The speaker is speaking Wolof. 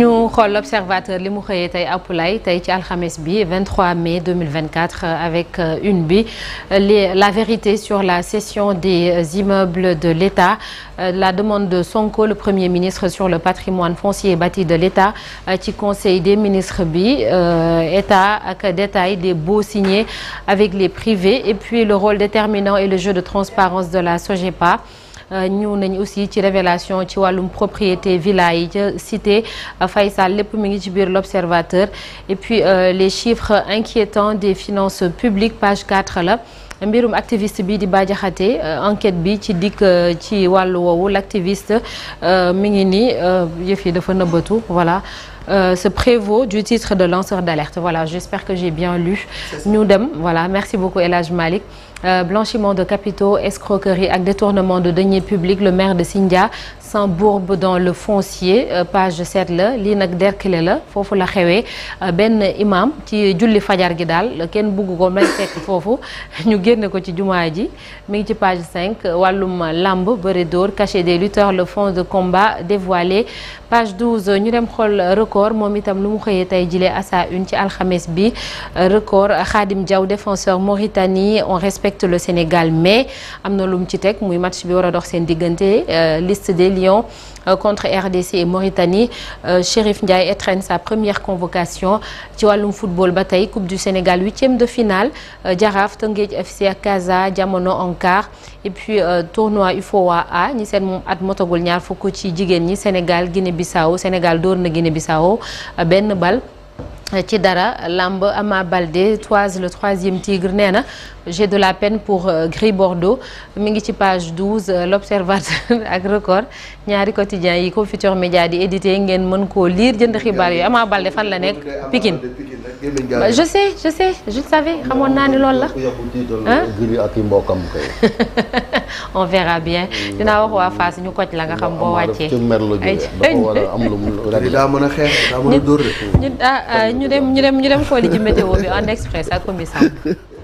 ñu xool l'observateur li mu xëyee tey Apulay tey ci alxames bi 23 mai 2024 avec euh, une bi euh, la vérité sur la cession des euh, immeubles de l'État la demande de Sonko le premier ministre sur le foncier bâti de l'État ci conseil des ministres bi État ak détail des baux signés avec les privés et puis le rôle déterminant et le jeu de transparence de la SOGEPA ñëw nañu aussi ci révélation ci wàllum propriété villa yi ca cité euh, Faysal lépp mu ngi ci biir l'observateur et puis euh, les chiffres inquiétants des finances publiques page 4 la mbirum activiste bi di baajaxate euh, enquête bi ci dikk ci wàllu woowu l'activiste mu ngi ni yëf yi dafa nëbbatu voilà se euh, prévaut du titre de lanceur d'alerte voilà j'espère que j'ai bien lu ñu dem voilà merci beaucoup El Hadj Malick euh, blanchiment de capitaux escroquerie ak détournement de deniers publics le maire de Sindia s'embourbe dans le foncier euh, page 7 la lii nag Derklé la foofu la xewee benn imam ci julli fajar gi daal kenn bugg ko may foofu ñu génne ko ci jumaa ji mi ngi ci page 5 wàllum lamb bëri dóor cachet des lutteurs le fonds de combat dévoilé page ñu record moom itam lu mu xëyee tey jile à sa une ci alxames bi record Khadim Diaw défenseur Mauritanie on respecte le Sénégal mais am na lu mu ci teg muy match bi war a dox seen diggante euh, liste des Lions euh, contre RDC et Mauritanie euh, Chérif Ndiaye étrenne sa première convocation ci wàllum football ba tey Coupe du Sénégal huitième de finale Jaraaf Tëngéej FC ak Casa Jamono en quart et puis tournoi UFOA A ñi seen moom at motagul ñaar fukk ci jigéen ñi Sénégal Guinée-Bissau CEDEAO benn bal eh, ci dara lamb Ama Baldé toise le troisième tigre nee na j'ai de la peine pour euh, Gris Bordeaux mi ngi ci page 12 euh, l'observateur ak record ñaari quotidiens yi ko Futurs Médias di édité ngeen mën koo liir jënd xibaar yooyu Ama Baldé fan la nekk Pikine je sais je sais xamoon naa ni loolu la. ak i mbokam kay. on verra bien. dinaa wax a fas ñu koj la nga xam boo wàccee. daa mën a xeex daa mën a dóor ah, ah, ñu dem ñu dem ñu dem xooli ci météo bi en express ak Oumy